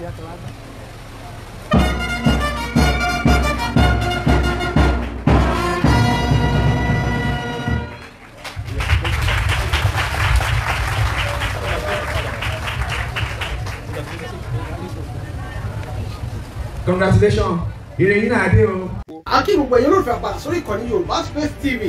Pihak selatan. congratulation ìròyìn náà dé o. akí gbogbo ẹ̀yin olùfẹ́ àpàdé sórí ìkànnì yorùbá space tv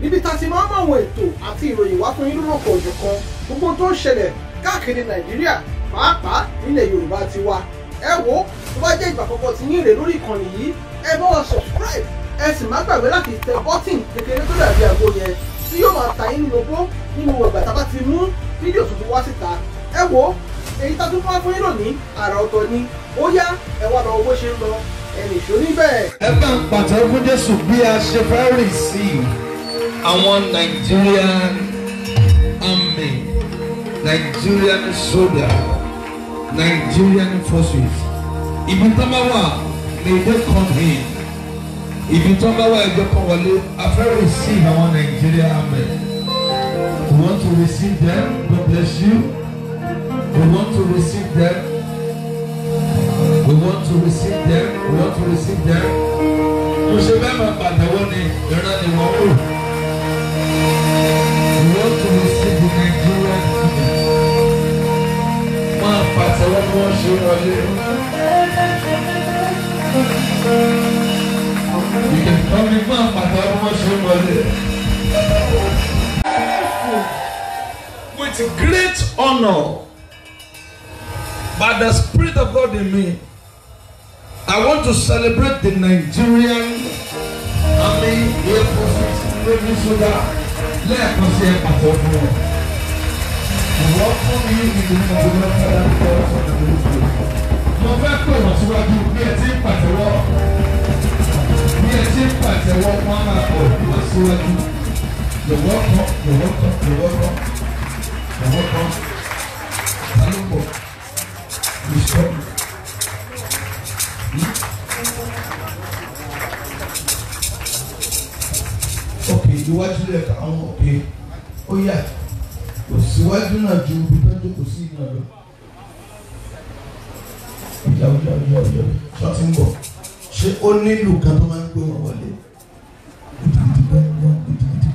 níbi tá a ti máa ń mọ àwọn ètò àti ìròyìn wá fún yín lórúkọ òjò kan gbogbo tó ń ṣẹlẹ̀ káàkiri nàìjíríà pàápàá nílẹ̀ yorùbá ti wa ẹ wo tó bá jẹ́ ìgbà àkọ́kọ́ tí yín rè lórí ìkànnì yìí ẹ bá wa subscribe ẹ sì má gbàgbé láti tẹ bọ́tìn kékeré tó dàbí àgbo yẹn tí yóò máa ta yín lóbó nínú ìgbà tá a bá ti mú fídíò tuntun wá síta ẹ wo èyí tá a tún fún yín lónìí àrà ọ̀tọ̀ ni ó yá ẹ wá lọ owó ṣe ń lọ ẹnìṣó níbẹ̀. ẹ bá ń pàtẹ́wọ́ fún jésù bí a ṣe fẹ́ rìn sí àwọn Nigerian army Nigerian soldier. Nigerian forces ibi tán bá wà ní come in ibi tán bá wà ìjọ kan wọlé afẹ́ receive àwọn Nigeria army we want to receive them God bless you we want to receive them we want to receive them we want to receive them mo ṣe bẹ́ẹ̀ máa pàtẹ́wọ́ ni ìran ni wọ́n we want to. pàtẹ́wọ́ bí wọ́n ṣe wọlé. ìkẹ́kọ̀ọ́ mi fún àpàtẹ́wọ́ bí wọ́n ṣe With great honor by the Spirit of God in me, I want to celebrate the Nigerian Army Air Force Navy Soldier lẹ́ẹ̀kan sí ẹ̀ pàtẹ́wọ́ welcome you in the name of the Lord Father God and the Holy Spirit. Mo fẹ́ pè wọ́n síwájú bí ẹ ti ń pàtẹ́wọ́ bí ẹ ti ń pàtẹ́wọ́ wọn á máa bọ̀ wọ́n síwájú. You're welcome, you're welcome, you're welcome, you're welcome. Salomo, you stop me. Okay, iwájú lẹ̀ka àwọn òkè ó kò síwájú náà ju ibi tó ń jókòó sí náà lọ. ìjà ìjà ìjà ìjà ìjà ti ń bọ̀ ṣé ó nílò kan tó máa ń gbé wọn wọlé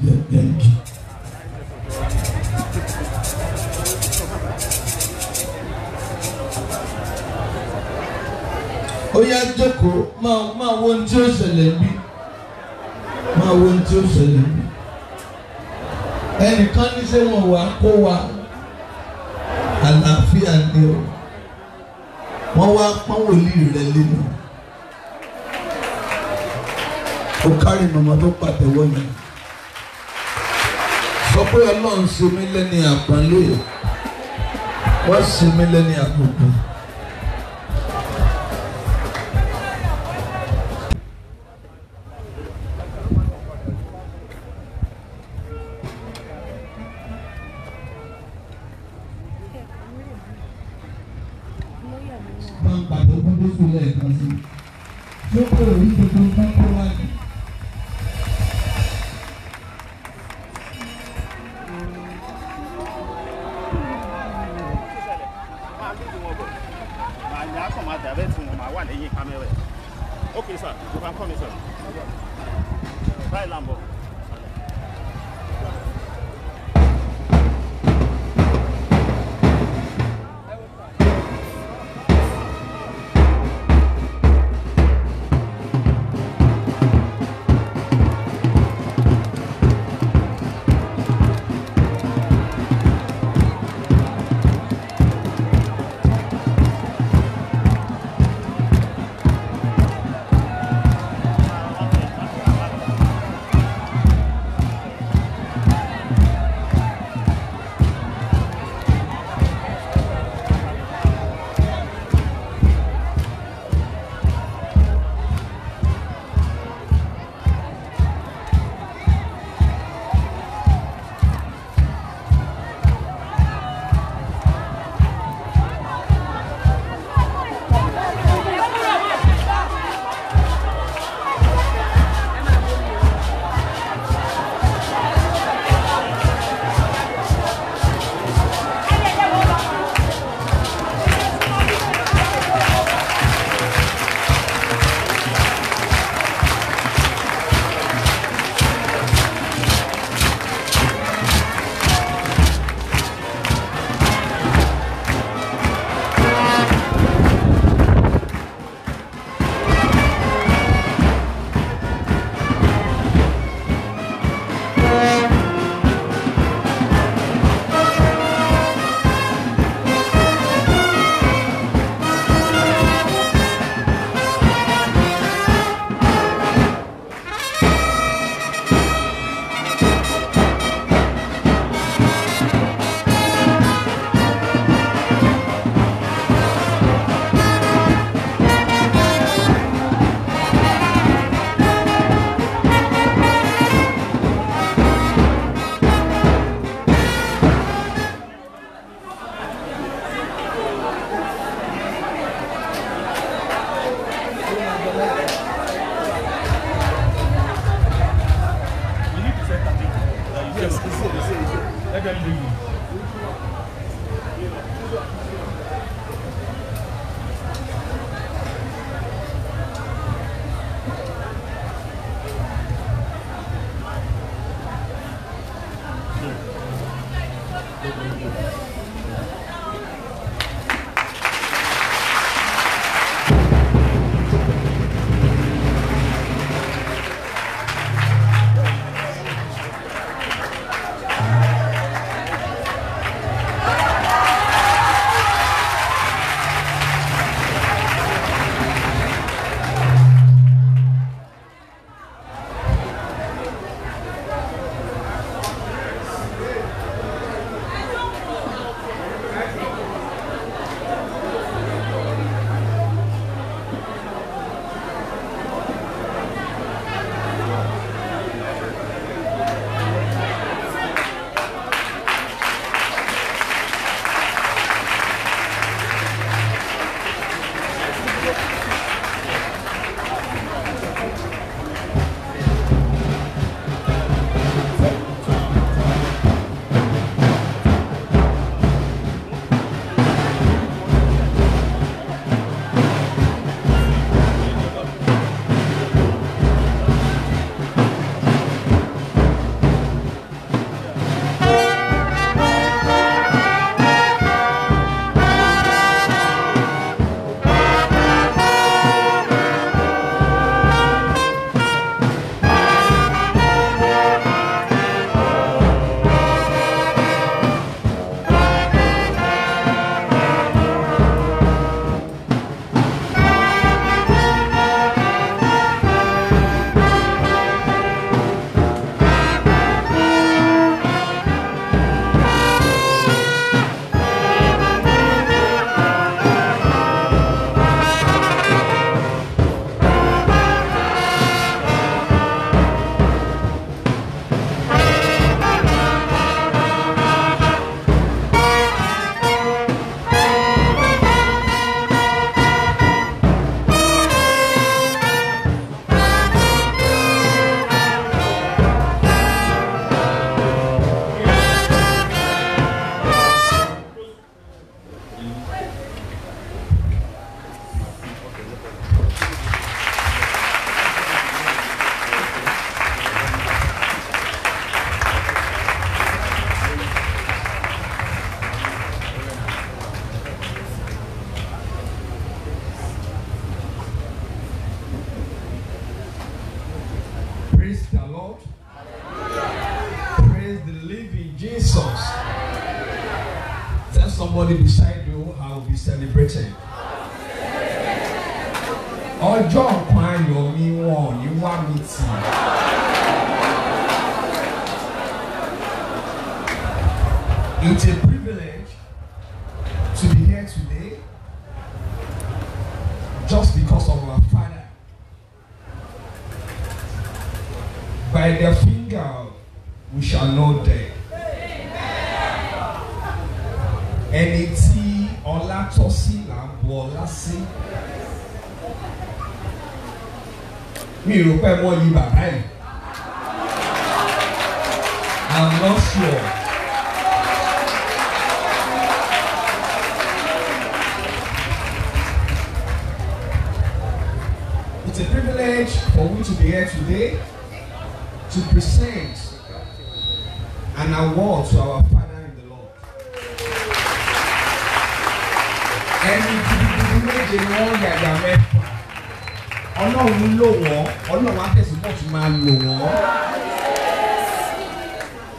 gidigidi jókòó máa wo ohun tí ó ṣẹlẹ̀ bí máa wo ohun tí ó ṣẹlẹ̀ bí ẹnìkan ní sẹ́ wọn wà kó wa àlàáfíà ni o wọ́n wá pọ́n wòlíì rẹ lẹ́nu o kárí màmá tó pàtẹ́wọ́ yẹn sọ pé ọlọ́run sinmi lẹ́ni àpọ́nlé wọ́n sinmi lẹ́ni àpọ́nlé. yìí I'm not sure. It's a privilege for me to be here today to present an award to our Father in the Lord. And in all that ọlọ́run lò wọ́n ọlọ́run á tẹ̀síbọ̀ máa lò wọ́n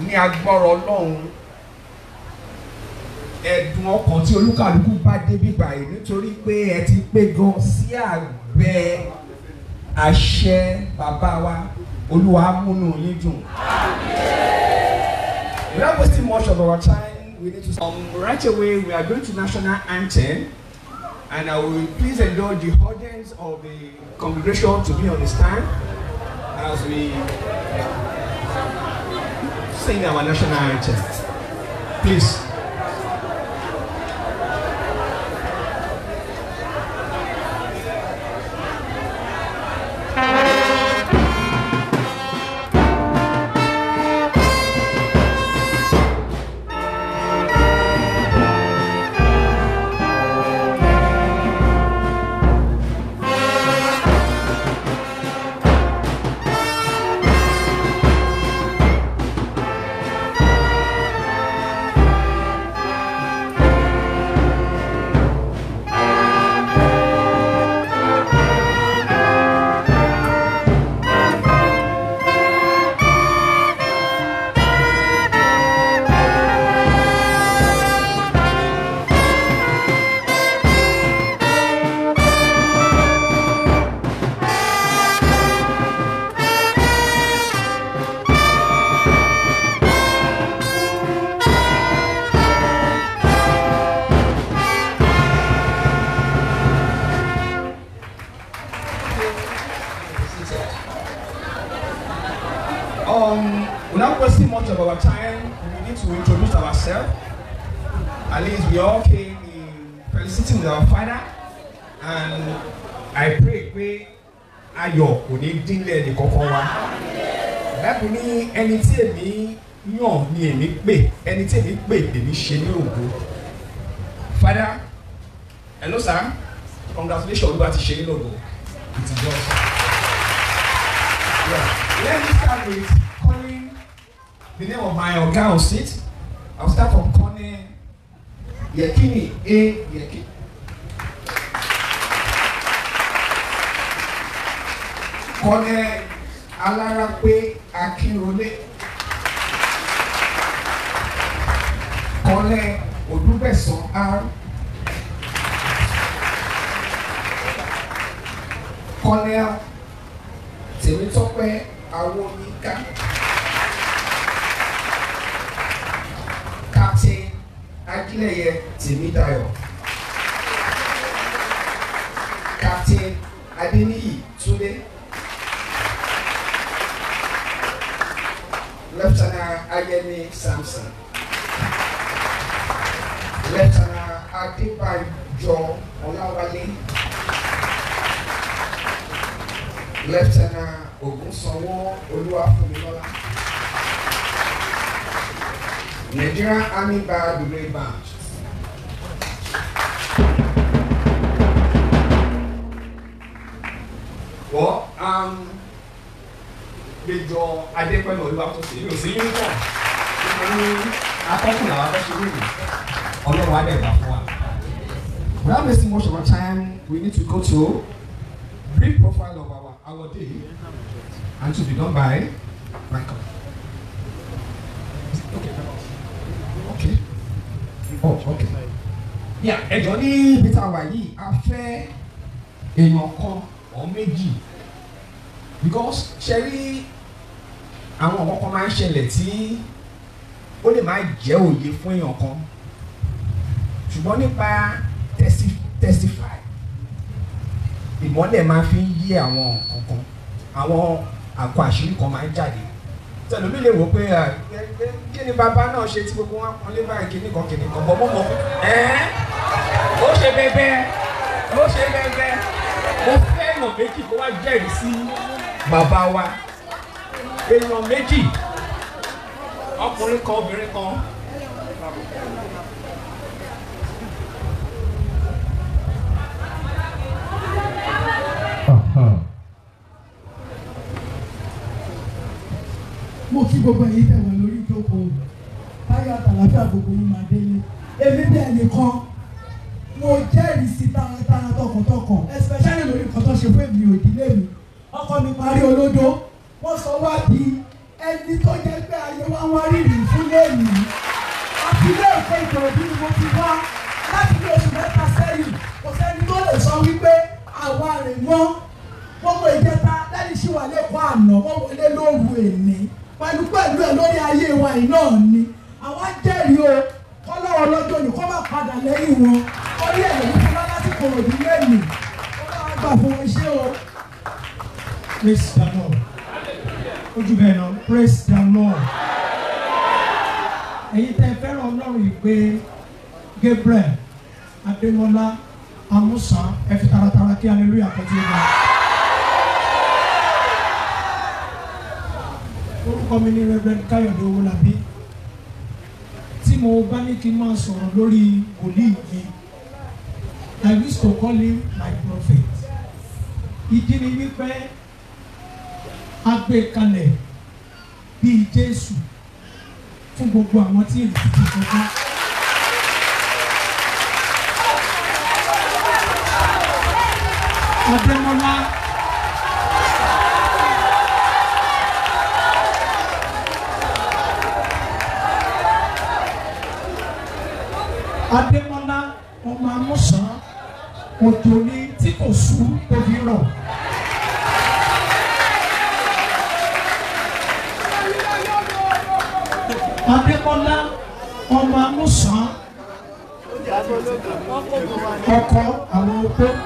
ní agbára ọlọ́run ẹ̀dùn ọkàn tí olúkàlùkù bá dé bíbà yìí nítorí pé ẹ ti pé gan sí àgbẹ̀ àṣẹ bàbá wa olúwa múnú yín dùn. Without wasting much of our time, we need to. Um, right away, we are going to national anthem. And I will please indulge the audience of the congregation to be on the stand as we sing our national anthem. Please. ẹni tí èmi pè èmi ṣe ní ògo father hello sir congratulations olúwa ti ṣe ní ògo it is yours yeah. let me start with calling the name of my oga on seat i will start from calling yekini a yekini. kọ́lẹ́ alárápé akínrolé. mẹ́sàn-án Colonel Tèmítọ́pẹ́ Awóyínká Captain Akínlẹ́yẹ Tèmídayọ̀ Captain Adéníyì Túndé. Lieutenant Ayemi Samson. Adébájọ Ọláwálé Lẹ́ftẹ́nà Ògúnsanwó Olúwafúnmilọ́lá Nigerian Army Band, Brigade Band. Wọ́n á um, gbẹjọ Adépẹ́lú Olúwafúnmilọ́lá mi ò sí yúnífọ̀mù. Akọ́kùnrin àwọn akọ́ṣẹ́rù ọlọ́run á dẹ̀ gbà fún. Without wasting much of our time, we need to go to brief profile of our, our day and to be done by Michael. Okay. Okay. Oh, okay. Yeah, ẹjọ́ ní Peter wa yìí, a fẹ́ èèyàn kan or méjì because ṣe rí àwọn ọ̀kan kan máa ń ṣẹlẹ̀ tí ó lè máa jẹ́ òye fún èèyàn kan ṣùgbọ́n nípa testify ìmọ́lẹ̀ máa fi ń yí àwọn kankan àwọn àkọ àṣírí kan máa ń jáde tẹlomi lè wò pé kí ni bàbá náà ṣe tí gbogbo wọn pọn lé báyìí kíní kan kíní kan bọ́ mọ́ mọ́ ẹ́ẹ́ ó ṣe bẹ́ẹ̀bẹ́ ó ṣe bẹ́ẹ̀bẹ́ mo fẹ́ èèyàn méjì kó wá jẹ́rìí sí bàbá wa èèyàn méjì ọkùnrin kan obìnrin kan mo kí gbogbo ẹ̀yin tẹ̀wọ̀ lórí ìjókòó báyọ̀ àtàlàfíà gbogbo yín máa délé èmi bẹ́ẹ̀ nìkan mo jẹ́rìí sí taratara tọkàntọkàn especially lórí nǹkan tó ṣe fún èmi òdílé mi ọkọ mi parí olódó wọ́n sọ wá di ẹni tó jẹ́ pé ayé wá wá rírì fún lẹ́nu àti ilé ìfẹ́ ìjọ̀rọ̀ bí mo ti wá láti ní oṣù mẹ́ta sẹ́yìn kò sẹ́ni tó lè sọ wípé àwa rìn mọ́ gbogbo ìjẹta dáàdì ṣì wà lẹ́kọ̀ọ́ àná wọ́n wọlé lóru èní pẹ̀lú pẹ̀lú ẹ̀ lórí ayé wa yìí náà ni àwa jẹ́rìí o kọ́lọ́wọ́ lọ́jọ́ ni kọ́ máa padà lẹ́yìn wọn orí ẹ̀ lòún fún wọn láti kọ̀rọ̀ ní lẹ́nu kọ́lọ́wọ́ gbà fún wọn ṣé o. praise the lord ojú bẹ́ẹ̀ náà praise the lord ẹ̀yin tẹ́ fẹ́ràn ọlọ́run yìí Gabriel Adémọ́lá. Amusa, ẹ fi taratara kí hallelujah àkọ́jú ìgbà. orúkọ mi ni Reverend Káyọ̀dé Owólabí tí mo bá ní kí n máa sọ̀rọ̀ lórí wòlíì yìí I wish to call him my prophet ìdí ni wípé a gbé kalẹ̀ bíi Jésù fún gbogbo àwọn tí èlùtù ti kọjá. Adémọ́lá. Adémọ́lá ọmọ amúsàn òjò ní tí kò sú tó fi rọ̀. Adémọ́lá ọmọ amúsàn ọkọ àwọn opó.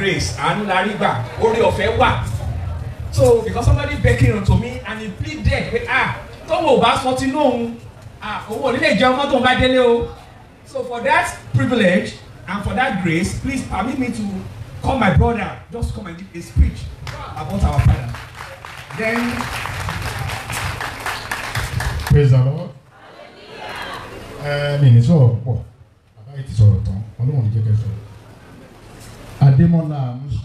grace àánú la rí gbà orí ọ̀fẹ́ wà so because somebody beckon unto me and he plead pleaded pé ah tọ́wọ́ ò bá sọ tinú òun ah òun ò ní lè jẹun mọ́tò òun bá délé o so for that privilege and for that grace please permit me to call my brother just come and give a speech about our father then. praise the lord. ẹ eh, mi ní sọ̀rọ̀ púpọ̀ bàbá yìí ti sọ̀rọ̀ tán ọlọ́run ní jẹ́ kẹ́ sọ̀rọ̀. Adémọ́lá Musa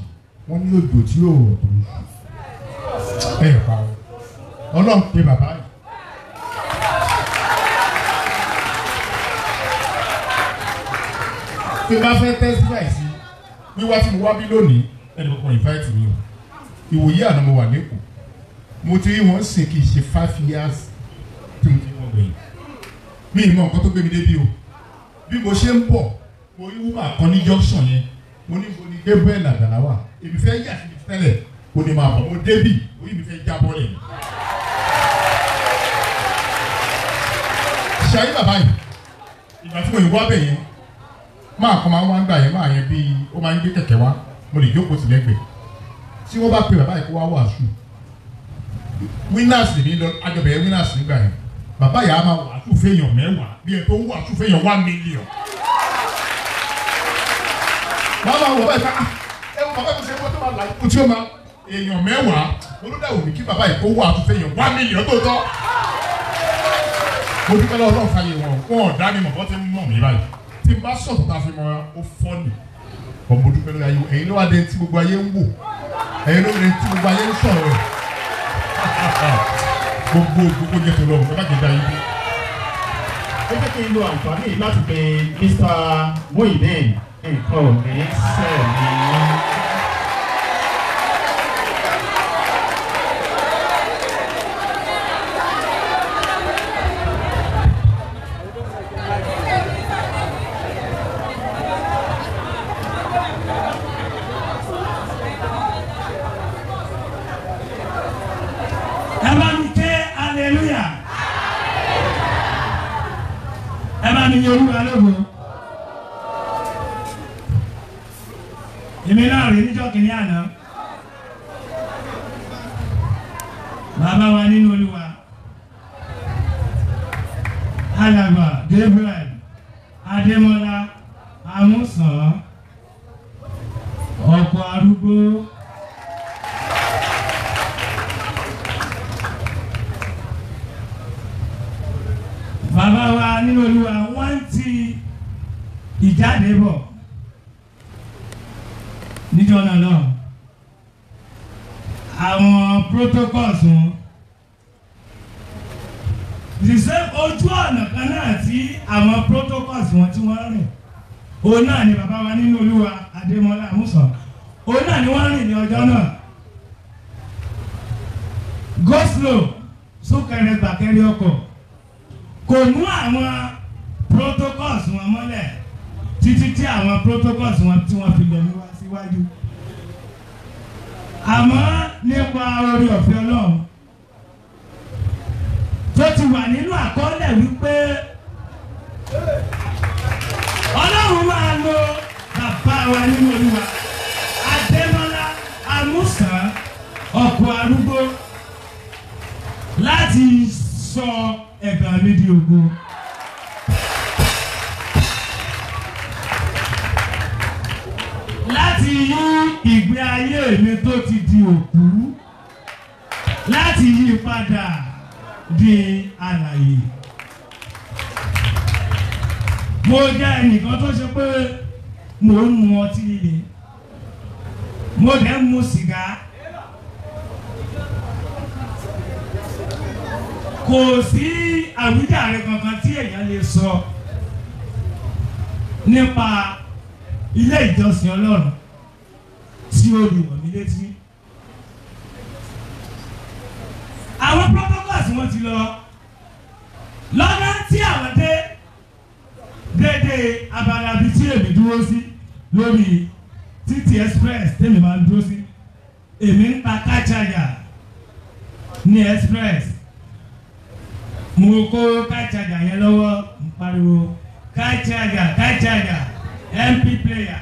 wọ́n ní òjò tí yóò rọ̀ tó ẹ yẹ pa Ọlọ́run pé bàbá yìí. tí bá fẹ́ tẹ́síláì sí wíwá tí mo wá bí lónìí ẹni kankan invite mi o ìwòye àná mo wà lẹ́kọ̀ọ́ mo ti rí wọn sìn kì í ṣe five years tí mo ti wọ́n gbẹ̀yìn mi ìmọ̀ nǹkan tó gbé mi débi o bí mo ṣe ń bọ̀ mo rí wúmà kan ní junction yẹn mo ní mo ní Gabriel Àjàlá wà èmi fẹ́ yà sí tẹ́lẹ̀ kò ní máa bọ̀ mo débì oyè mi fẹ́ jábọ́ rẹ̀ ni. ṣayé bàbá yìí ìgbà tí mo yìí wá bẹ̀ yẹn máa kọ́ máa ń wá ń gbà yẹn máa yẹn bí ó máa ń gbé kẹ̀kẹ́ wá mo lè jókòó sí lẹ́gbẹ̀ẹ́ tí wọ́n bá pe bàbá yìí kó wá wàásù winners mi lọ àjọbẹ̀yẹ winners nígbà yẹn bàbá yìí á máa wàásù fẹ́yàn mẹ́wàá bí ẹ tó wàásù fẹ́yàn one million wọ́n máa wọ báyìí ká ah, ẹ wọ bàbá mi ṣe wọ́n tó máa là kú tí ó máa èèyàn mẹ́wàá olódà òbí kí bàbá yìí kó wà tó fẹ́ yẹn wá mílíọ̀n tó tọ́. mo dúpẹ́ lọ́wọ́ náà fàyè wọn wọn ò dá mi mọ̀ wọ́n ti mọ̀ mí báyìí tí n bá sọ̀tọ̀ tá a fi mọ́ra ó fọ́ nì ọ̀ mo dúpẹ́ lọ́wọ́ ayé ẹ̀yin ló wà dé tí gbogbo ayé ń wò ẹ̀yin ló dé tí gbogbo ayé ń sọ̀rọ̀ gbogbo gbogbo jẹ́ tó lọ́wọ́ bàbá kìí yín ó jẹ́ kí n lo àǹfààní láti pe Mr. Muyideen e hum, é isso aí. jẹ́ ẹnìkan tó ṣe pé mò ń mu ọtí líle mo dẹ̀ ń mu sìgá kò sí àwíjàre kankan tí èèyàn lè sọ nípa ilé ìjọsìn Ọlọ́run. lórí títì express tèmi máa ń dúró sí èmi ń ta car ní express mo kó car charger yẹn lọ́wọ́ ń pariwo car charger mp player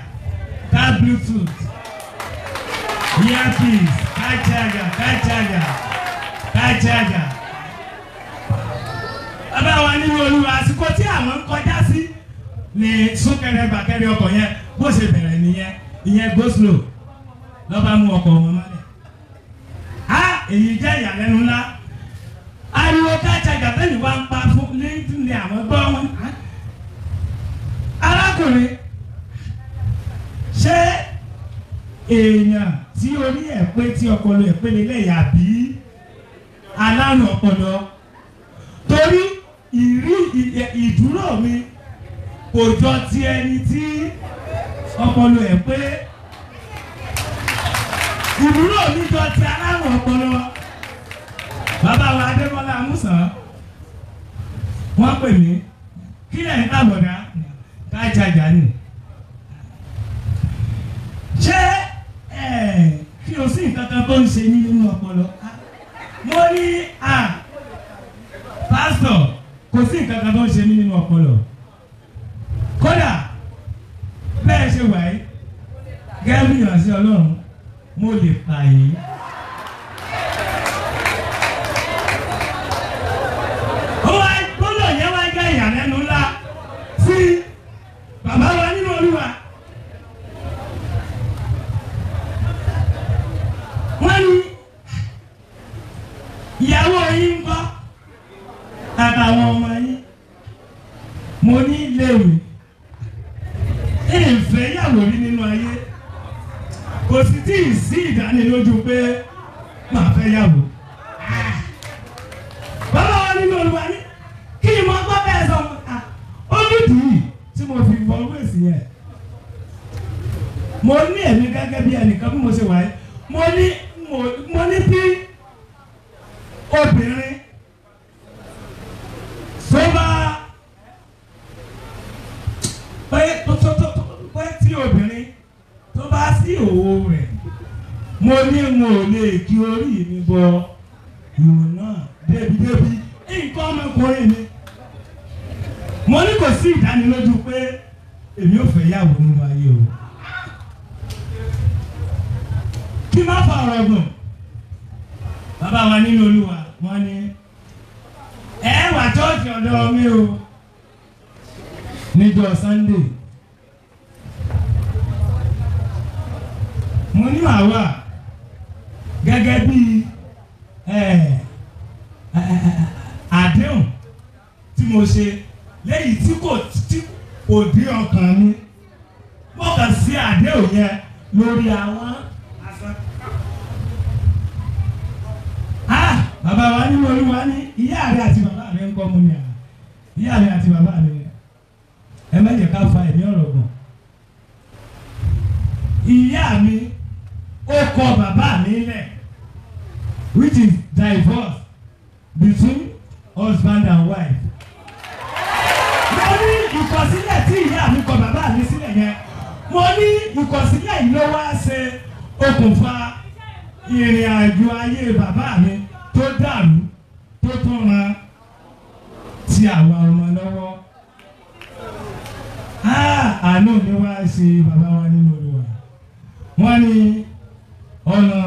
car bluetooth earpiece car charger car charger car charger. bàbá wa nínú olúwa àsìkò tí àwọn ń kọjá sí ni súnkẹrẹ bàkẹrẹ ọkọ̀ yẹn bó ṣe bẹ̀rẹ̀ nìyẹn ìyẹn go slow lọ́ba mú ọkọ̀ wọn mọ́lẹ̀ á èyí jẹ́ ìyàlẹ́nu ńlá ariwo kájà gàbẹ́lì wa ń pa fún lẹ́yìn ní àwọn gbọ́ wọn arákùnrin ṣé èèyàn tí orí ẹ̀ pé tí ọpọlọ ẹ̀ pé lélẹ̀ yà bí alárùn ọpọlọ torí ìrí ìdúró mi kò jọ ti ẹni tí ọpọlọ ẹ̀ pé ìbúrò mi jọ ti aláwọ̀ ọpọlọ bàbá wa Adébọ́lá Amúsàn wọ́n pè mí kí lẹ́yìn tábọ̀dá ká jàjà nì ṣé ẹ̀ẹ́ kí o sí nǹkan kan tó ń ṣe nínú ọpọlọ mo ní à pásítọ̀ kò sí nǹkan kan tó ń ṣe nínú ọpọlọ kódà bẹ́ẹ̀ ṣe wà yìí gẹ́gẹ́ bí ìrànṣẹ́ Ọlọ́run mo lè pa mo ní ẹ̀mí gẹ́gẹ́ bí ẹnìkan bí mo ṣe wáyé mo ní mo ní bí obìnrin tó bá pé tí obìnrin tó bá sí òwò rẹ̀ mo ní mo lè kí orí mi bọ ìwò náà débìdébì nǹkan ọmọkùnrin mi mo ní kò sí ìdánilójú pé èmi ò fẹ́ yàwó nínú ayé o. kí má fa ọ̀rọ̀ ẹ̀gbọ́n bàbá wa nínú olúwa wọn ni ẹ wà chọ́ọ̀chì ọ̀dọ̀ mi o níjọ́ Sunday mo ní àwa gẹ́gẹ́ bí àdéhùn tí mo ṣe lẹ́yìn tí kò tí kò dé ọkàn mi mo kàn sí àdéhùn yẹn lórí àwọn. bàbá wa ní olúwa ní ìyá rẹ àti bàbá rẹ ń kọ́ mu ní à ìyá rẹ àti bàbá rẹ ẹ mẹ́jẹ̀ ká fa ẹ̀mí ọ̀rọ̀ gùn ìyá mi ó kọ bàbá mi lẹ̀ which is divorce between husband and wife. mo ní ìkọsílẹ̀ tí ìyá mi kọ bàbá mi sílẹ̀ yẹn mo ní ìkọsílẹ̀ yìí ló wá ṣe okùnfà ìrìn àjò ayé bàbá mi tó dàrú tó tún ra ti àwa ọmọ lọ́wọ́ àánú mi wá ṣe bàbá wa nínú Olúwa wọ́n ní ọ̀nà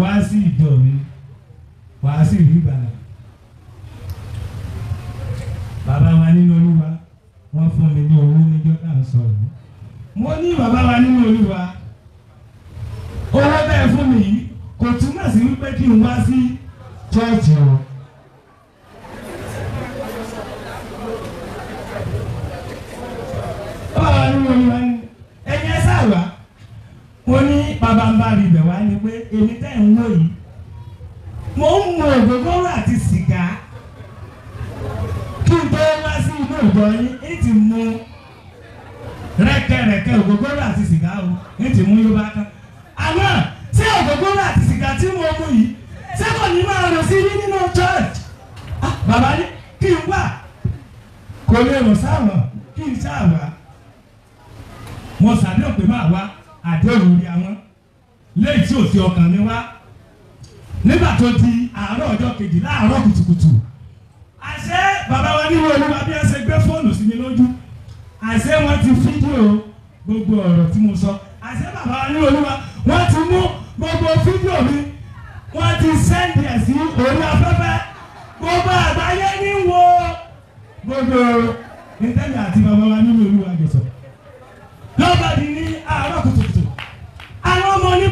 wá sí ìjọ mi wá sí ìlú Ìbàdàn bàbá wa nínú Olúwa wọ́n fún mi ní owó níjọ́ náà sọ̀rọ̀ mo ní bàbá wa nínú Olúwa.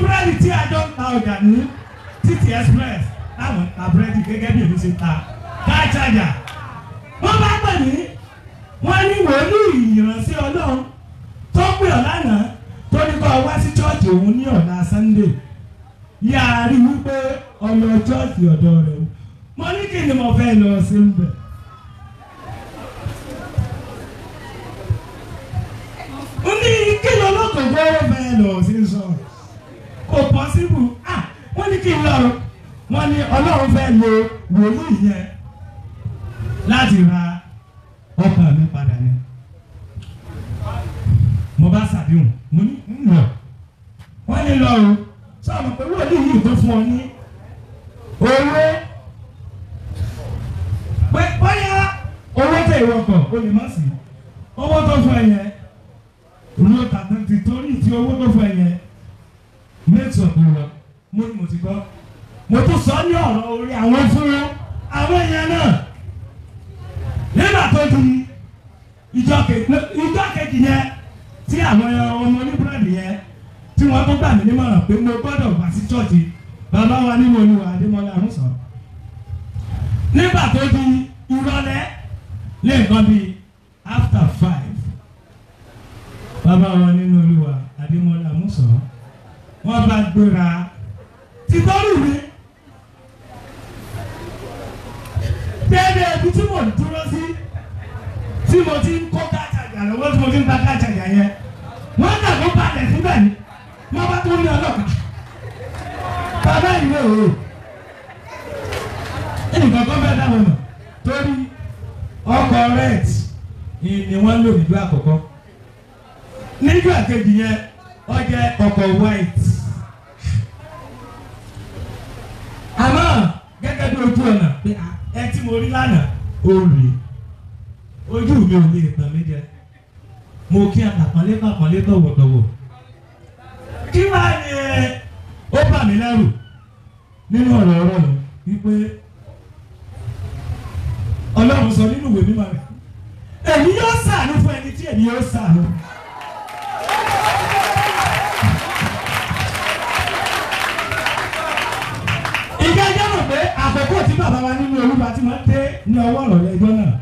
búrẹ́dì tí àjọ ń ta ọjà ní títì express táwọn ta búrẹ́dì gẹ́gẹ́ bí èmi ṣe ta káà ṣàjà wọ́n bá pè mí wọ́n ní wòlíì ìránṣẹ́ ọlọ́run tó pè ọ́ lánàá tó ní kọ́ wá sí chọ́ọ̀chì òun ní ọ̀la sunday yáa rí wípé ọmọ chọ́ọ̀chì ọ̀dọ́ rẹ̀ o mo ní kí ni mo fẹ́ lọ sí ń bẹ̀. ní kí ni olókùnkùn fẹ́ lọ sí sọ̀rọ̀ kò pọ́sibù ah wọ́n ní kí n lọ́rùn wọ́n ní ọlọ́run fẹ́ lo wòlíì yẹn láti ra ọkàn mi padà ni mo bá ṣàdéhùn mo ní ń lọ wọ́n ní lọ́rùn sọ̀rọ̀ pé wòlíì yìí tó fún ọ ní owó pé bóyá owó tẹ̀ ìwọ̀kọ̀ o lè má sí owó tó fún ẹ yẹn ló tàbí torí ti owó tó fún ẹ yẹn nẹ́tíwọ̀kì wọn mo ní mo ti gbọ́ mo tún sọ ní ọ̀rọ̀ orí àwọn fúnra àwọn èèyàn náà nígbà tó di ìjọ kejì yẹn tí àwọn ọmọ oníbúrẹ́dì yẹn tí wọ́n tó gbà mí nímọ̀ràn pé mo gbọ́dọ̀ wá sí chọ́ọ̀tì bàbá wa ní mo ní wà Adémọ́lá Àrùnsọ nígbà tó di ìrọ̀lẹ́ lé nǹkan bíi after five bàbá wa nínú Olúwa Adémọ́lá Àrùnsọ wọ́n bá gbéra tìtọ́rù mi déédéé ibi tí mo dúró sí tí mo ti ń kó káàkiri lọ́wọ́ tí mo ti ń ta káàkiri yẹn wọ́n kà ló balẹ̀ síbẹ̀ ni wọ́n bá tó ní ọlọ́pàá bàbá ìwé o nǹkan kan bẹ́ẹ̀ dáhùn mọ̀ torí ọkọ̀ rent ni wọ́n lò nígbà àkọ́kọ́ nígbà kejì yẹn ó jẹ́ ọkọ̀ white. àmọ́ gẹ́gẹ́ bí ojú ọ̀nà pé ẹ tí mo rí lánàá ó rí ojú mi ò lè tàn mí jẹ mo kí àtàkọ́lé pàkọ́lé tọ̀wọ̀tọ̀wọ̀ kí wá ní ó bà mí lẹ́rù nínú ọ̀rọ̀ ọ̀rọ̀ mi wípé ọlọ́run sọ nínú ìwé mímọ́ rẹ̀ èmi yóò fún ẹni tí èmi àkókò tí bàbá wa nínú olúwa tí wọ́n dé ní ọwọ́ ìrọ̀lẹ́ ẹjọ́ náà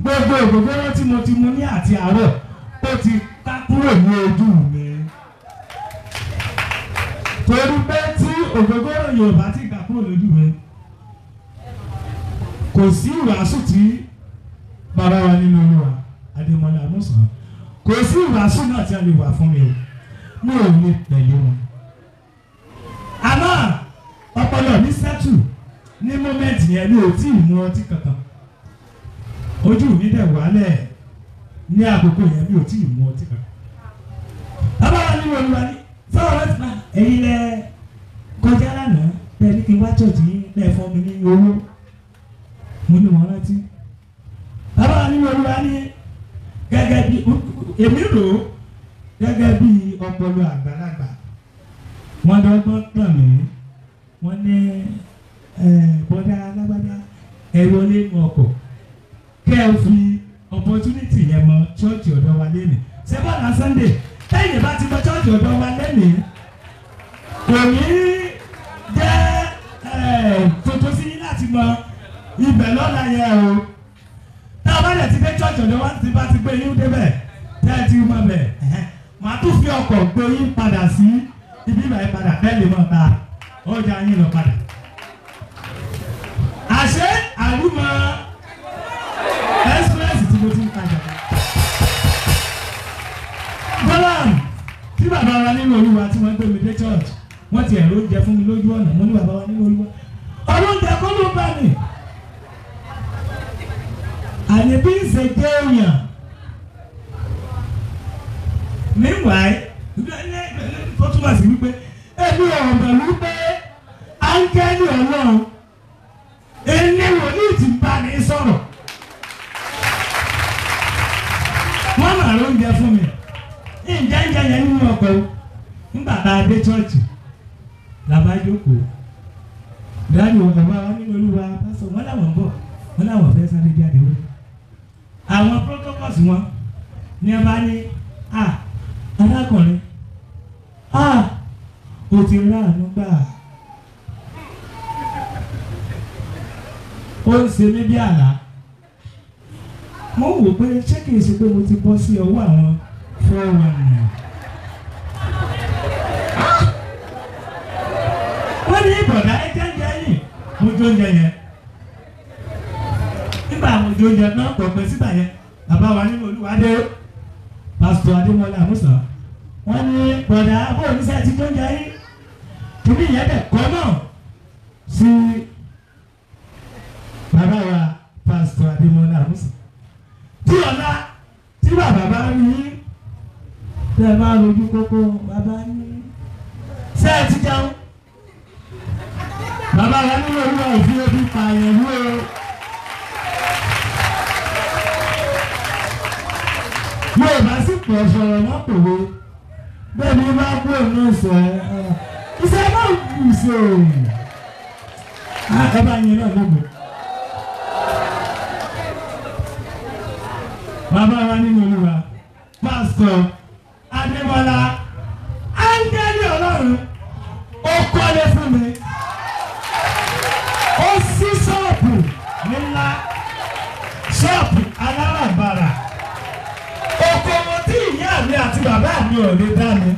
gbogbo ògógóró tí mo ti mu ní àti àárọ̀ ó ti ká kúrò ní ojú mi torí pé tí ògógóró Yorùbá ti gbà kúrò lójú mi kò sí ìwàásù tí bàbá wa nínú olúwa Adémọ́lá Amúsàn kò sí ìwàásù náà tí a lè wà fún mi o mi ò lè tẹ̀lé wọn àmọ́ ọpọlọ mi sẹ́tù. ní mọ́mẹ́ǹtì yẹn ní òtí ìmú ọtí kankan ojú mi dẹ̀ wálẹ̀ ní àkókò yẹn ní òtí ìmú ọtí kankan. ni wọn wá ní lẹ kọjá lánàá bẹ́ẹ̀ ní kí n wá church yín lẹ́ẹ̀ mi ní owó mo wọn rántí. wọn Eh, bọ́dá alágbádá ẹ wọlé nu ọkọ̀ kẹ́ ẹ fi opportunity yẹn mọ chọ́ọ̀chì ọ̀dọ́ wa lẹ́nu ṣé bọ́dà Sunday tẹ́yìn bá ti mọ chọ́ọ̀chì ọ̀dọ́ wa lẹ́nu kò ní jẹ́ eh, tuntun sí yín láti mọ ibẹ̀ lọ́la yẹn o tá a bá lẹ̀ ti gbé chọ́ọ̀chì ọ̀dọ́ wa ti bá ti gbé yín débẹ̀ tẹ́ ẹ ti mọ bẹ̀ màá tún fi ọkọ̀ gbé yín padà sí ibi ìbàyẹ̀ padà bẹ́ẹ̀ lè mọ̀ ta ọjà yín lọ padà àṣẹ àlùmọ express tí mo ti ń tajà. Bọ́lám tí bàbá wa nínú olúwa tí wọ́n gbé mi dé church wọ́n ti ẹ̀rọ oúnjẹ fún mi lójú ọ̀nà mo ní bàbá wa nínú olúwa olóúnjẹ kọ́ ló bá mi. Àní bí ń ṣe jẹ́ èèyàn. Meanwhile, tó túmọ̀ sí wípé ẹbí ọ̀rọ̀ pẹ̀lú pé áńgẹ́lì Ọlọ́run. ẹni wòlíì ti ń bá ní sọ̀rọ̀ wọ́n mà ló ń jẹ fún mi ni ń jẹ yẹn nínú ọkọ̀ nígbà tá a dé chọ́ọ̀chì làbá jókòó dáàbò wọn bàbá wọn nínú olúwa pásọ wọn làwọn bọ̀ wọn làwọn ti ra àánú ó ń ṣe mí bí àlá mo wò pé ṣé kìí ṣe pé mo ti bọ́ sí ọwọ́ àwọn four one nine. wọ́n ní ìbọ̀dá ẹ jẹ́jẹ́ yìí mo jó oúnjẹ yẹn nígbà mo jó oúnjẹ náà pọ̀ pé síta yẹn bàbá wa nínú olúwadé pásítọ̀ adémọlá àmúsà wọ́n ní bọ̀dá bóun ní sẹ́ẹ̀ ti jó oúnjẹ yìí kìíní yẹn dẹ̀ kọ́ náà sí bàbá wa pásítọ̀ Adémọ́lá àmúsà tí ọ̀la tí bàbá bá ń rí tẹ́ ẹ máa rojú kókó bàbá ní ṣé ẹ ti jẹun bàbá wa nínú olúwa òfin ebi pààyàn ìlú o. yóò bá sì pọ̀ sọ̀rọ̀ wọn pòwe bẹ́ẹ̀ ni bá kú òun náà sọ ẹ́ ah, iṣẹ́ náà kù sí òòrùn. Ah, ẹ yẹn náà lóògùn. bàbá wa nínú olúwa pásítọ̀ Adébọ́lá áńgẹ́lì Ọlọ́run ó kọ́lé fún mi ó sí ṣọ́ọ̀bù ńlá ṣọ́ọ̀bù alárànbarà okòwò tí ìyá mi àti bàbá mi ò lè dá mi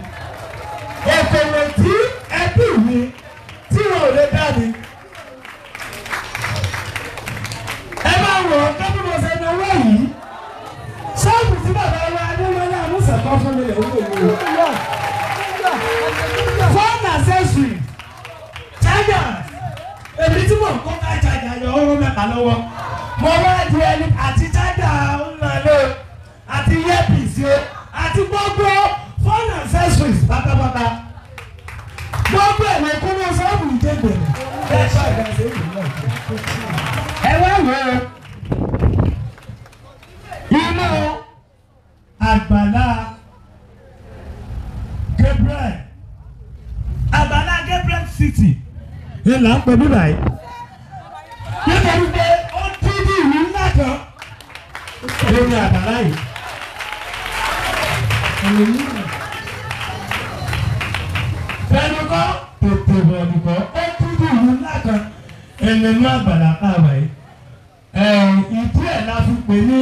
okòwò tí ẹbí mi tí wọn ò lè dá ẹ bá wọ ọ́ kẹ́kọ̀ọ́ ṣe ní owó yìí. bàbá lọ́wọ́ mo wádìí ẹni àti jáda ńlọlẹ́ àti yẹ́pìsì àti gbogbo fọ́nà accessories pátápátá gbogbo ẹ̀ lẹ́kún ní sọ́ọ̀bù ìjẹ́gbẹ̀rẹ̀ ẹ wá wò inú àgbàlá Gabriel àgbàlá Gabriel City ni là ń pè bí lórí àdàrà yìí. fẹnukọ tètè bẹnukọ ó dúdú ìlú ńlá kan ẹnìmú àgbàlá káàbà yìí ẹ ìdí ẹ̀ la fi pè ní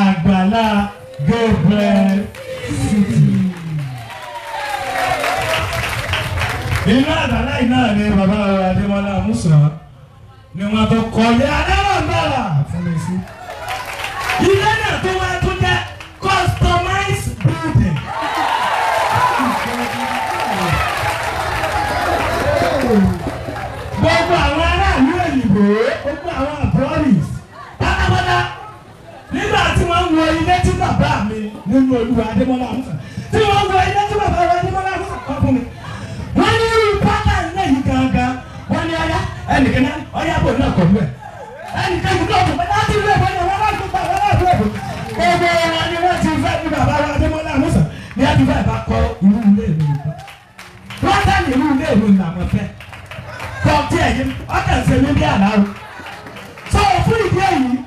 àgbàlá Gabriel City. inú àgbàlá yìí náà ni bàbá wa Adémọ́lá Músàn ni wọ́n tó kọ́lé Adéròǹdàlà fún mi sí. wọ ilé tí bàbá mi nínú olúwa adémọlá amúfà tí wọ́n wọ ilé tí bàbá wa adémọlá amúfà kọ́ fún mi wọ́n ní irú pátá ilé yìí gangan wọ́n ní ọyá ẹnìkan náà ọyá bò náà kọ̀ mú ẹ ẹnìkan yìí náà kọ̀ mú ẹ láti ilé ìwé ni wọ́n láti gbà wọ́n láti ẹ̀bùn gbogbo wọn ni wọ́n ti fẹ́ bí bàbá wa adémọlá amúfà ní ẹbí fẹ́ bá kọ irú ilé ìlú nìkan wọ́n tẹ̀ ní irú ilé ìlú làwọn fẹ́ kọ́ tí ẹ̀yin ọ̀tẹ̀ ṣe ní bí àlárò sọ fún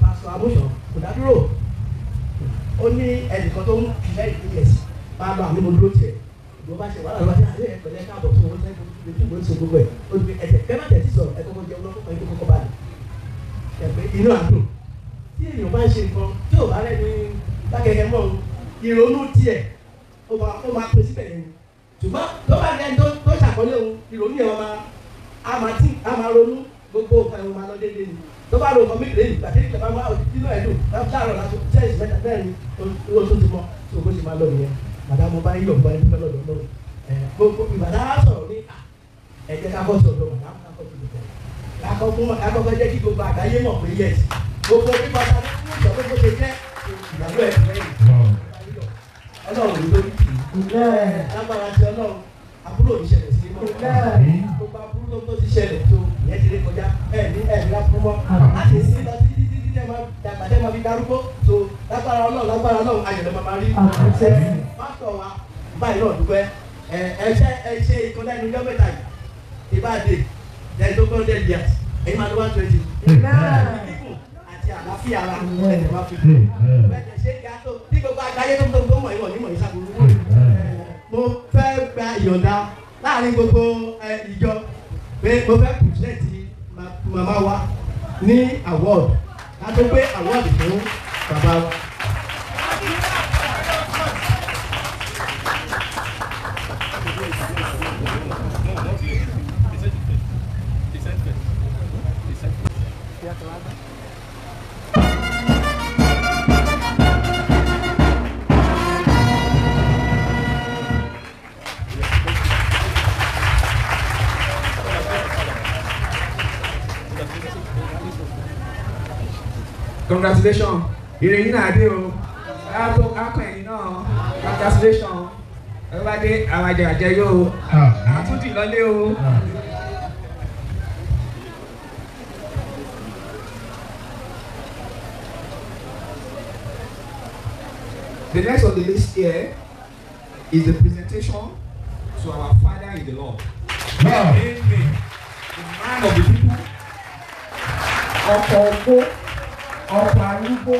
pásítọ̀ abóṣọ kò dádúró ó ní ẹnìkan tó ń kílẹ̀ ìpínlẹ̀ sí máa bá mi mo dúró tiẹ̀ ìgbó bá ṣe wàhálà ló bá ṣe àlẹ́ ẹ̀pẹ̀lẹ́ káàbọ̀ tó wọ́n sẹ́kù lójú ìwé ṣe gbogbo ẹ̀ ó ti ẹ̀jẹ̀ kẹ́mẹ́ tẹ̀sí sọ ẹ̀ kọ́kọ́ jẹun lọ́kọ́ ẹ̀ kọ́kọ́ balẹ̀ ẹ̀pẹ́ inú àdùn tí èèyàn bá ń ṣe nǹkan tí ò bá rẹ́ni lákẹ́kẹ́ mọ́ ìrònú tiẹ̀ ó máa pè síbẹ̀ yẹn ṣùgbọ́n tó bá tó bá lò nǹkan méjì lẹ́yìn ìgbà kékeré bá wà nínú ẹ̀ dùn láàárọ̀ láti ṣẹ́yìn mẹ́ta mẹ́rin olóṣù ti mọ́ tó bó ṣe máa lọ nìyẹn màdàmú bá yíyọ̀ bá yíyọ̀ lọ́dọ̀ lọ́rùn ẹ̀ gbogbo ìbàdàn sọ̀rọ̀ ní ẹ̀jẹ̀ kakọ́ sọ̀rọ̀ màdàmú kakọ́ tó bẹ̀rẹ̀ kakọ́ fún kakọ́ fẹ́ jẹ́ kí gbogbo àgbáyé mọ̀ pé yẹ gbogbo bí bàtà fún ìjọba bó ṣe jẹ́ ìyàwó ẹ̀ fẹ́ yìí ọlọ́run ló ń kì í lágbára ti ọlọ́run àbúrò yìí ṣẹlẹ̀ sí mọ́ gbogbo àbúrò tó tó ti ṣẹlẹ̀ tó ìyẹn ti ah. lè kọjá ẹ̀ ní ẹ̀ ńlá fún wọn láti sí lọ sí títí títí tẹ́ máa dàgbà tẹ́ máa fi darúgbó tó lágbára náà lágbára náà ayọ̀lẹ̀ máa máa rí ah, ṣe pásítọ̀ wa báyìí náà dúpẹ́ ẹ ṣe ẹ ṣe ìkọ́lá ẹnu yọ́ mẹ́ta yìí ìbáàdè ẹ̀ẹ́dógún hundred years ẹ̀yin máa ló one twenty àlàáfíà ara ẹ̀ẹ́dẹ̀ máa fi kú bẹ́ẹ̀ ṣe é kí a tó bí mo fẹ́ gba ìyọ̀ǹda láàrin gbogbo ìjọ pé mo fẹ́ pùsẹ̀tì màmá wa ní award a tó gbé award fún bàbá wa. congratulations The next on the list here is the presentation to our Father in the Lord. Amen. The man of the people. arúgbó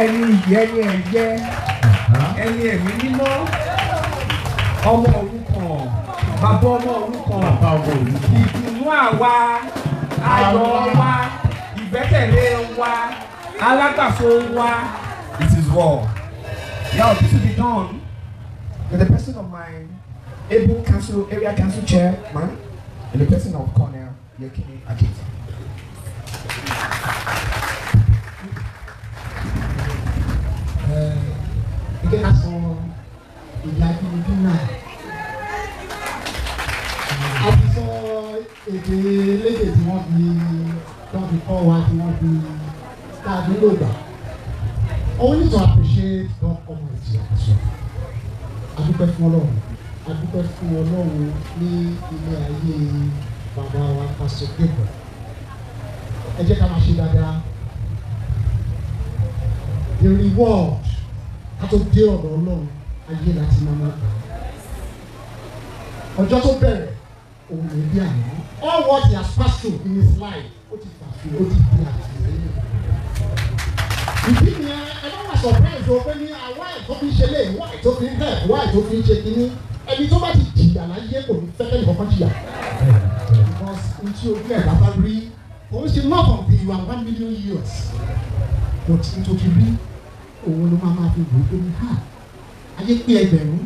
ẹni ìyẹ́ ni uh-huh. ẹni ẹ̀mí mímọ́ ọmọ òrukàn bàbá ọmọ òrukàn ìdùnnú àwa ayọ̀ wa ìgbẹ́kẹ̀lé wa alágbàfo wa it is war now this will be done with the person of my able council area council chairman and the person of Cornell Yekini Akita. ẹjẹ́ ká sọ ìyá bíbí náà a ti sọ èdè lédè tí wọ́n fi wọ́n fi kọ́ wa tí wọ́n fi tá a gbà only to appreciate God Almighty àti adúpẹ́ fún ọlọ́run adúpẹ́ fún ọlọ́run ní ilé ayé bàbá wa pásítọ̀ Gabriel ẹ jẹ́ ká máa ṣe dáadáa the reward ká tó dé ọ̀dọ̀ ọlọ́run ayé láti máa máa bẹ̀rẹ̀ ọjọ́ tó bẹ̀rẹ̀ òun lè bí àná all what he has passed through in his life ó ti fà fi ó ti di àtìlẹ́yìn ìdí nìyẹn ẹ má wà surprise o pé ní àwa ah, ètò fi ń ṣe lé wá ètò fi ń help wá ètò fi ń ṣe kínní ẹni tó bá ti jìyà láyé kò ní fẹ́kẹ́ nìkan jìyà because n tí ojú ẹ̀ bàbá rí òun ṣe love of the one million years but n tó fi rí òun ló máa máa fi wò ó pé ha ayé pé ẹgbẹ̀rún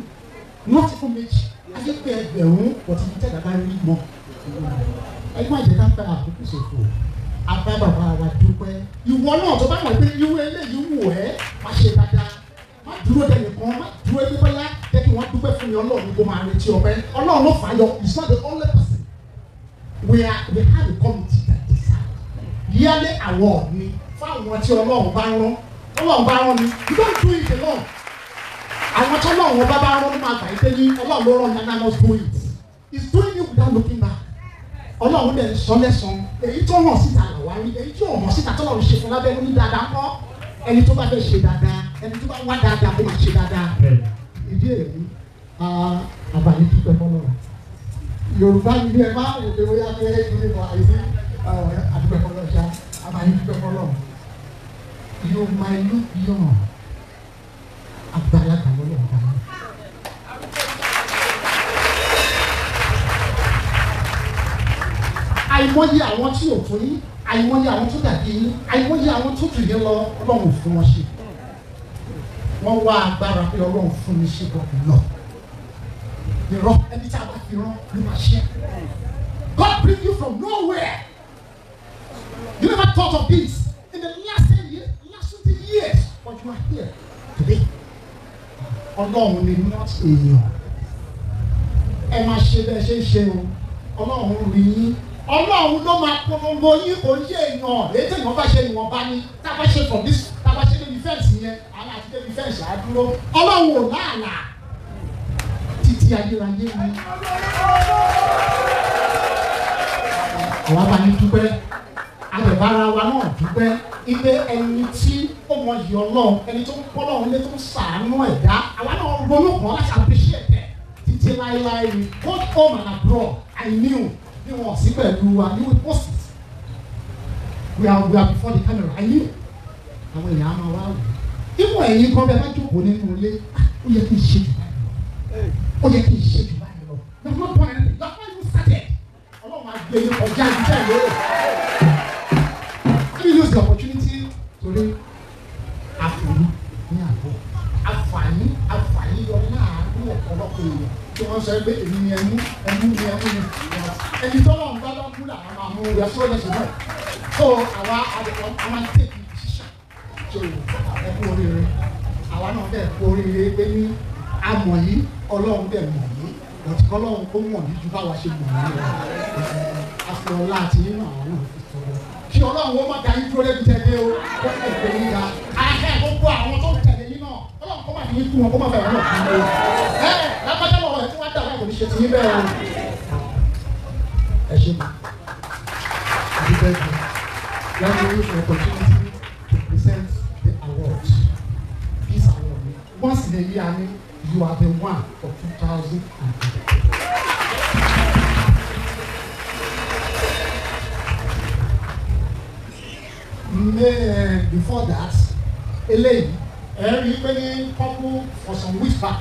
wọ́n ti fún méjì ayé pé ẹgbẹ̀rún bọ̀tí ní tẹ̀dá bá rí mọ́ ẹ má jẹ́ àkókò ṣòfò abá bàbá wa dúpẹ́ ìwọ náà tó bá wọ̀ pé irú eléyìí wù ẹ́ má ṣe dáadáa má dúró dẹ́nu kan má dúró ẹgbẹ́ bọ́lá jẹ́ kí wọ́n dúpẹ́ fún mi ọlọ́run kó máa retí ọpẹ́ ọlọ́run ló fà á yọ it's we are we have a committee that decide yearly award ni fáwọn tí ọlọ́run bá rán ọlọ́run bá rán you don't do it alone àwọn tí ọlọ́run ọba bá rán ló máa gbà yín pé ní ọlọ́run ló rán nana must do it he's doing it without looking back ọlọ́run dẹ̀ sọ lẹ́sàn-án èyí tó hàn síta làwa rí èyí tó hàn síta tó lọ́run ṣe fún lábẹ́ ní dáadáa kọ́ ẹni tó bá fẹ́ ṣe dáadáa ẹni tó bá wá dáadáa kó máa ṣe dáadáa ìdí èyí àbálẹ́ dúpẹ́ fọlọ́ yorùbá ni bí ẹ má òde bóyá fẹ́ẹ́ dúró àìsí àdúpẹ́ fọlọ́ ṣá àbálẹ́ dúpẹ́ fọlọ́ you might look young àgbàlagbà lọ́wọ́ ọ̀gá náà. àìmọye àwọn tí ò tó yín àìmọye àwọn tó dàbí yín àìmọye àwọn tó tù yín lọ ọlọ́run fún wọn ṣe wọ́n wá agbára pé ọlọ́run fún mi ṣe gbọ́dọ̀ lọ irọ́ ẹni tí a bá fi rán ló máa ṣe God bring you from nowhere you never thought of this years but you are here today ọlọ́run ni not èèyàn ẹ máa ṣe bẹ́ẹ̀ ṣe ń ṣe o ọlọ́run rí yín ọlọ́run ló máa polongo yín kò ń ṣe èèyàn ètò ìwọ̀n bá ṣe ìwọ̀n bá ní tábà ṣe from this tábà ṣe débi fẹ́ǹsì yẹn àlà àti débi fẹ́ǹsì àdúró ọlọ́run ò láàlà títí ayérayé ni. àwa bá dúpẹ́ àbẹ̀bára wa náà dúpẹ́ ilé ẹni tí ó mọ yìí ọlọ́run ẹni tó ń pọ́ lọ́run lé tó ń sàánú ẹ̀dá àwa náà ronú kan láti àpèṣe ẹ̀tẹ̀ títí láéláé ni both home and abroad I knew bí wọn sí pẹ̀lú wa ní we post it we are we are before the camera I knew àwọn èèyàn á máa wá wò ìmọ̀ ẹ̀yìn kan bẹ́ẹ̀ bá jókòó nínú ilé ah, ó yẹ kí n ṣe jù báyìí lọ ó yẹ kí n ṣe jù báyìí lọ the whole point is that when you started ọlọ́run á gbé yín kọjá ìjà ìlú rẹ̀ let me use the opportunity to read àfòrí ní àgọ́ àfààní àfààní yọ láàárọ̀ ọ̀pọ̀lọpọ̀ èèyàn tí wọ́n sọ pé èmi ni ẹmú ẹmú ni ẹmú ni ẹni tó lọ́n bá bá kú làwọn máa mú rẹ̀ sọ́ọ́ lẹ́sìn náà tó àwa àdìgbò àwa ń tètè ṣíṣà tó ẹkú oríire àwa náà bẹ́ẹ̀ kú oríire pé ní amọ̀ yìí ọlọ́run bẹ́ẹ̀ mọ̀ yìí ọ̀tí ọlọ́run kó mọ̀ yìí ju báwa ṣe mọ̀ yìí lọ àfọlá àti nínú àwọn náà kí ọlọ́run ó má da yín dúró lẹ́bi tẹ̀lé o kó ẹ̀ gbé yín ahẹ́ gbogbo àwọn tó tẹ̀lé yín náà ọlọ́run kó má fi yín kú wọn kó má fẹ́ wọn kú wọn. ẹ lápájá lọ́wọ́ ẹ̀ fún wa dà láì ní ṣe ti yín bẹ́ẹ̀ o. ẹ ṣe mọ àdúgbò ẹ̀jẹ̀ yàtọ̀ yóò ṣe opportunity to present the award this award once in a year you are the one for two thousand and twenty. Eh, before that eléyìí ẹ rí i pé ní couple for some weeks back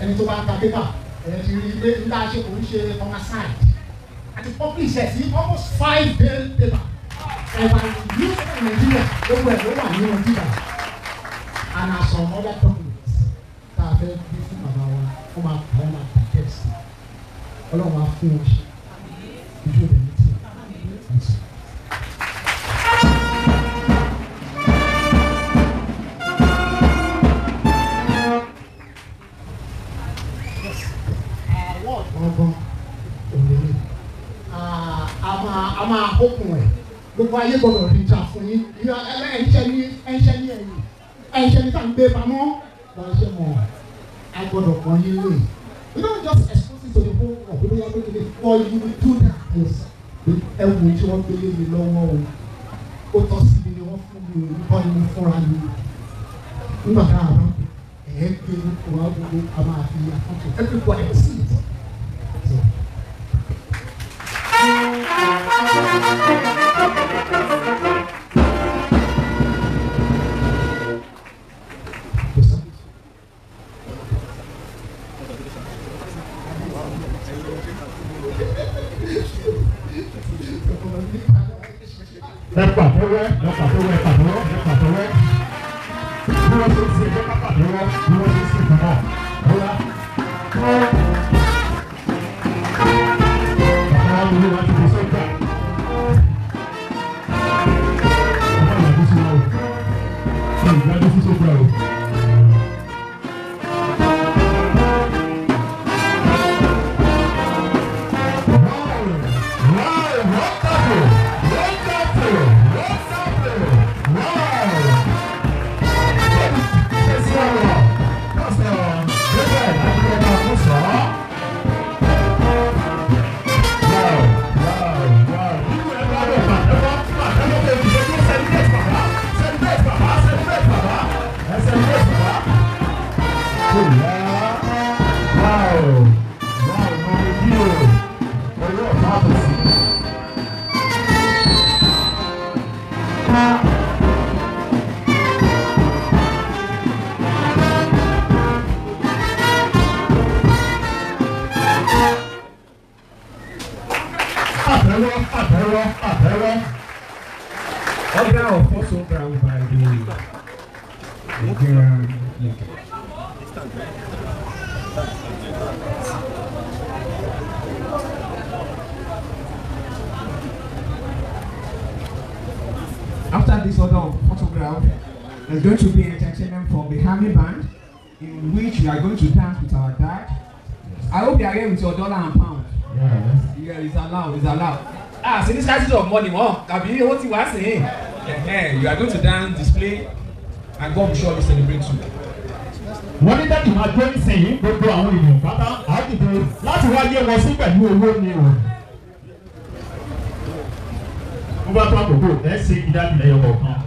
ẹni tó bá ń ta pépà ẹ ti rí i pé nígbà ṣe kò ń ṣe ọmọ side àti publish ẹ sí almost five bill paper ẹ̀wà yìí ní nàìjíríà gbogbo ẹ̀ ló wà ní nàìjíríà and as some other companies tá a fẹ́ bí fún bàbá wa wọ́n máa pọ̀ wọ́n máa digest ọlọ́run á fún wọn ṣe ojú a máa hókun ẹ̀ gbogbo ayé gbọdọ̀ dìjà fún yín ẹ̀ńṣẹ́ ní ẹ̀ńṣẹ́ ní ẹ̀yìn ẹ̀ńṣẹ́ ní tàǹgbé pamọ́ bá a ṣe mọ̀ a gbọdọ̀ pọ̀ yín lè you don't just expose it to the whole world gbogbo yàgò kéde for you will do that yes ẹ̀wù tí wọ́n gbélé mi lọ́wọ́ o ó tọ́ sí mi ni wọ́n fún mi o bọ́ ni mo fúnra mi nígbà tá a bá ẹ̀ ẹ́ gbé wa gbogbo a máa fi àkókò everybody see it. n tá, não não é, tá, o é. t money mọ́ tàbí owó ti wá sí. you are going to dance display and God will surely celebrate you. wọ́n ní dáàdì máa jó ìsìn gbogbo àwọn èèyàn pátá àádìdì láti wá yé wọn sí pẹ̀lú owó ni o. bó bá tó àkókò ẹ ṣe ìdádìlẹ́yọ̀ kọ̀ọ̀kan.